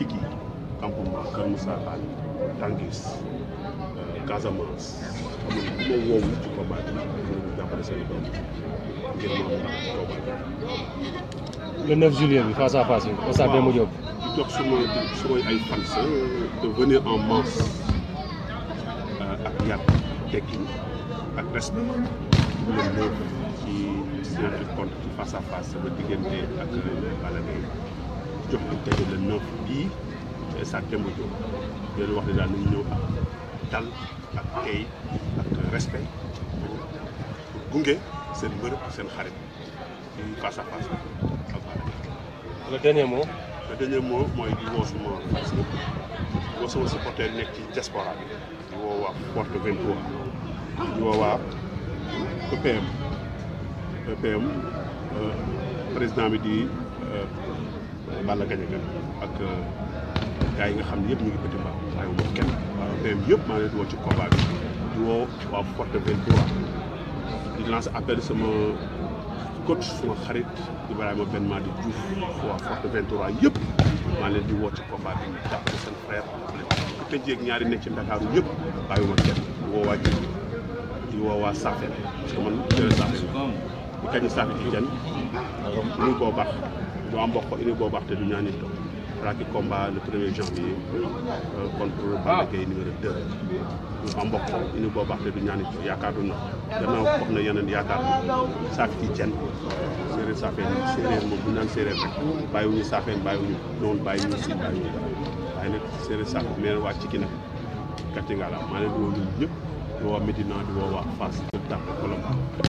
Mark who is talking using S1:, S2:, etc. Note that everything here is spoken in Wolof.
S1: politique yi campement Kër Moussa Fall Tangis euh, Casamance amul bu ma woowu ci combat bi dinañu jàppale seen doom ngir moom ndax combat bi. le 9 juillet bi face à face bi. waaw stade Demba Diop. di jox suma suma ay fans euh, de venir en masse euh, ak yar tekkin ak respect bu leen ñëw ci signature compte ci face à face ba diggante ak Balla Gaye jox di daje le sa leen wax ne daal nañu ñëw ak dal ak tey ak respect pour gunge seen mbër seen xarit ci face à face ak le dernier mot le mooy di woo suma fans nekk ci diaspora bi di woo waa Porte di woo waa EPM EPM euh, président bi di euh, Balla Gajaga ak euh, gars yi nga xam ne yëpp ñu ngi Petit Mbao waaye wu dox kenn waaw PM yëpp maa ngi ci combat bi di waa Forte 23 di lancer appel sama coach suma xarit Ibrahima Ben Madi Diouf waa Forte 23 yëpp maa leen di ci combat bi ñu jàppale seen frère ku tëjee ak ñaari nekk ci Ndakaaru yëpp bàyyiwuma kenn di waa Diouf di woo waa Safel parce que kanyi safi tijan ini go bax ñoo am mbokk ini go bax te du ñaani to raki combat le premier janvier euh, contre Balla Gaye numéro 2 ñu am mbokk ini go bax te du ñaani to yaakaaru na gannaaw na yeneen yaakaar safi tijan séeréer safeen séeréer moom bu naan séeréer rek bàyyiwuñu safeen bàyyiwuñu noonu bàyyiwuñu si bàyyiwuñu waaye nag séeréer safeen mais waa Cikina kàcce nga la maa leen di woo ñun ñëpp di woo Médina di woo waa Fass Kolda Kolobane